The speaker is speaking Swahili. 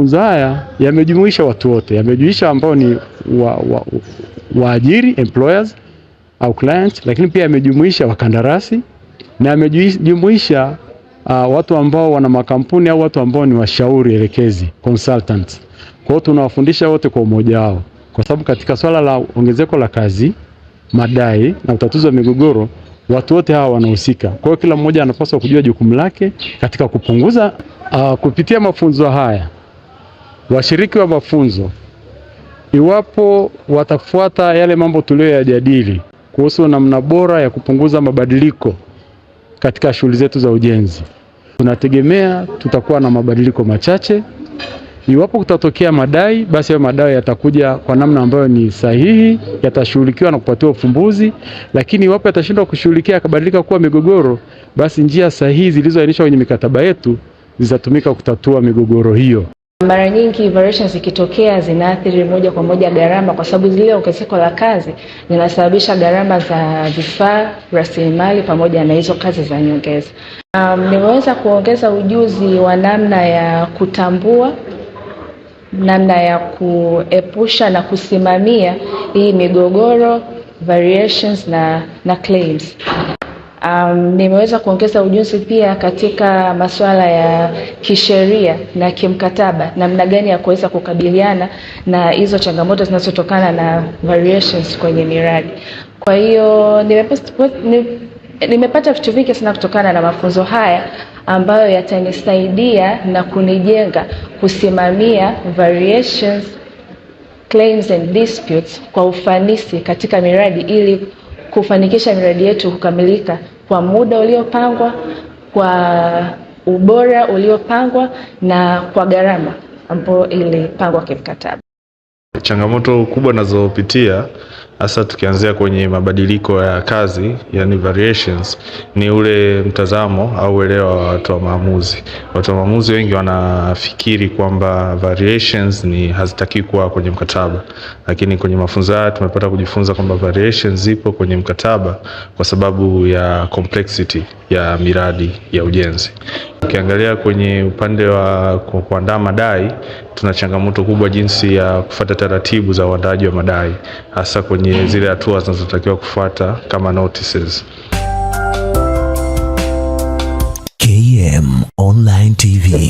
mafunzo haya yamejumuisha watu wote, yamejumuisha ambao ni waajiri wa, wa employers au clients, lakini pia yamejumuisha wakandarasi na yamejumuisha uh, watu ambao wana makampuni au watu ambao ni washauri elekezi consultants. Kwa hiyo tunawafundisha wote kwa umoja wao, kwa sababu katika swala la ongezeko la kazi, madai na utatuzi wa migogoro watu wote hawa wanahusika. Kwa hiyo kila mmoja anapaswa kujua jukumu lake katika kupunguza uh, kupitia mafunzo haya Washiriki wa mafunzo iwapo watafuata yale mambo tuliyoyajadili kuhusu namna bora ya kupunguza mabadiliko katika shughuli zetu za ujenzi, tunategemea tutakuwa na mabadiliko machache. Iwapo kutatokea madai, basi hayo madai yatakuja kwa namna ambayo ni sahihi, yatashughulikiwa na kupatiwa ufumbuzi. Lakini iwapo yatashindwa kushughulikia, yakabadilika kuwa migogoro, basi njia sahihi zilizoainishwa kwenye mikataba yetu zitatumika kutatua migogoro hiyo. Mara nyingi variations zikitokea zinaathiri moja kwa moja gharama, kwa sababu zile ongezeko la kazi linasababisha gharama za vifaa, rasilimali pamoja na hizo kazi za nyongeza. Um, nimeweza kuongeza ujuzi wa namna ya kutambua, namna ya kuepusha na kusimamia hii migogoro, variations na, na claims. Um, nimeweza kuongeza ujuzi pia katika masuala ya kisheria na kimkataba, namna gani ya kuweza kukabiliana na hizo changamoto zinazotokana na variations kwenye miradi. Kwa hiyo nimepata vitu vingi sana kutokana na mafunzo haya ambayo yatanisaidia na kunijenga kusimamia variations, claims and disputes kwa ufanisi katika miradi ili kufanikisha miradi yetu kukamilika kwa muda uliopangwa, kwa ubora uliopangwa na kwa gharama ambayo ilipangwa kimkataba. Changamoto kubwa nazopitia hasa tukianzia kwenye mabadiliko ya kazi, yani variations, ni ule mtazamo au uelewa wa watu wa maamuzi. Watu wa maamuzi wengi wanafikiri kwamba variations ni hazitakiwi kuwa kwenye mkataba, lakini kwenye mafunzo haya tumepata kujifunza kwamba variations zipo kwenye mkataba kwa sababu ya complexity ya miradi ya ujenzi. Ukiangalia kwenye upande wa kuandaa madai, tuna changamoto kubwa jinsi ya kufata taratibu za uandaaji wa madai hasa kwenye ni zile hatua zinazotakiwa kufuata kama notices.